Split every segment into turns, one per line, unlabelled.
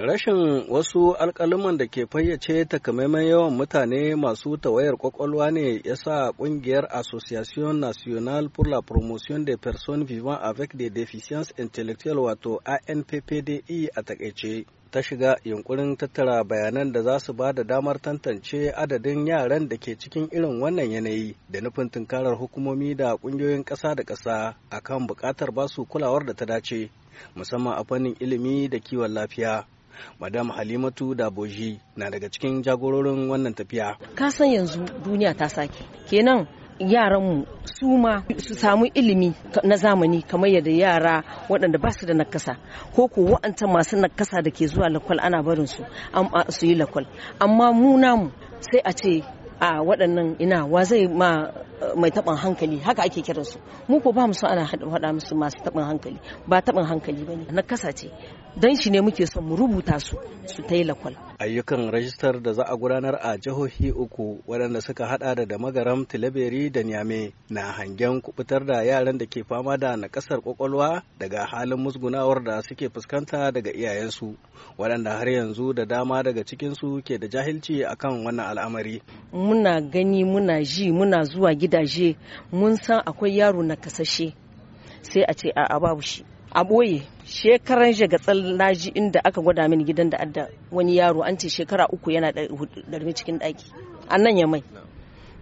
Rashin wasu alkaliman da ke fayyace takamaiman yawan mutane masu tawayar kwakwalwa ne ya sa kungiyar Association National pour la Promotion des Personnes Vivant avec des Déficiences Intellectuelles wato ANPPDE a e, takaice. ta shiga yunkurin tattara bayanan da za su ba da damar tantance adadin yaran da ke cikin irin wannan yanayi da nufin tunkarar hukumomi da kungiyoyin ƙasa da ƙasa akan buƙatar basu kulawar da ta dace musamman a fannin ilimi da kiwon lafiya madam halimatu da boji na daga cikin jagororin wannan tafiya
ka san yanzu duniya ta sake kenan yaranmu su ma su samu ilimi na zamani kamar yadda yara waɗanda ba su da nakasa ko ko wa'anta masu nakasa da ke zuwa lakwal ana barin su su yi lakwal amma mu namu sai a ce a waɗannan ina wa zai ma mai taɓin hankali haka ake kiran su mu ko ba mu so ana faɗa musu masu taɓin hankali ba taɓin hankali ba ne. na kasa ce dan shi ne muke son mu rubuta su su tailakwal lakwal
ayyukan rajistar da za a gudanar a jihohi uku waɗanda suka hada da damagaram tilaberi da nyame na hangen kubutar da yaran da ke fama da nakasar kwakwalwa daga halin musgunawar da suke fuskanta daga iyayensu waɗanda har yanzu da dama daga cikinsu ke da jahilci akan wannan al'amari
muna gani muna ji muna zuwa gidaje mun san akwai yaro na kasashe sai a ce a'a babu shi a ɓoye shekaran shagatsal ji inda aka gwada mini gidan da adda wani yaro an ce shekara uku yana ɗarmi cikin ɗaki a nan ya mai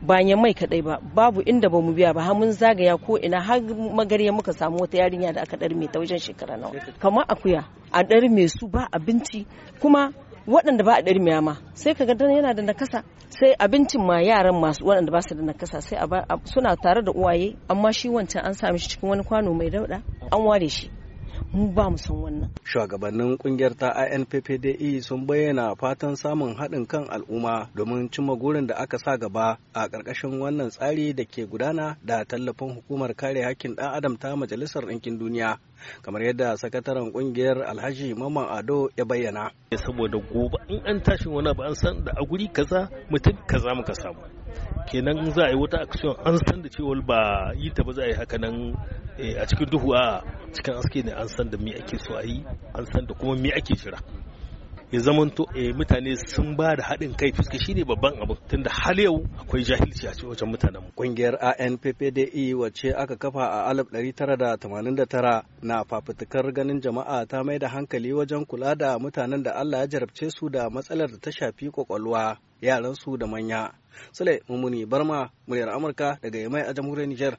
ba ya mai kadai ba babu inda ba mu biya ba har mun zagaya ko ina har magarya muka samu wata yarinya da aka ɗarmi ta wajen shekara nawa kamar akuya a ɗarme su ba abinci kuma waɗanda ba a ɗarmiya ma sai ka dan yana da nakasa sai abincin ma yaran masu waɗanda ba su da nakasa sai suna tare da uwaye amma shi wancan an sami shi cikin wani kwano mai dauɗa an ware shi mu ba mu san wannan
shugabannin kungiyar ta INPPDE sun bayyana fatan samun haɗin kan al'umma domin cimma gurin da aka sa gaba a ƙarƙashin wannan tsari da ke gudana da tallafin hukumar kare hakkin ɗan adam ta majalisar ɗinkin duniya kamar yadda sakataren kungiyar alhaji Mamman ado ya bayyana saboda gobe
in an tashi wani ba an san da a guri kaza mutum kaza muka samu kenan za a yi wata action an san da cewa ba yi ta ba za a yi haka nan eh, a cikin duhu a cikin aski ne an san da mi ake so a yi an san da kuma mi ake jira ya zamanto eh, mutane sun ba da haɗin kai fuska ne babban abu da har yau akwai jahilci a wajen mutanen
kungiyar ANPPDE wacce aka kafa a 1989 na fafutukar ganin jama'a ta mai da hankali wajen kula da mutanen da Allah ya jarabce su da matsalar da ta shafi kwakwalwa yaran su da manya Sule Mumuni Barma muryar Amurka daga Yamai a jamhuriyar Nijar.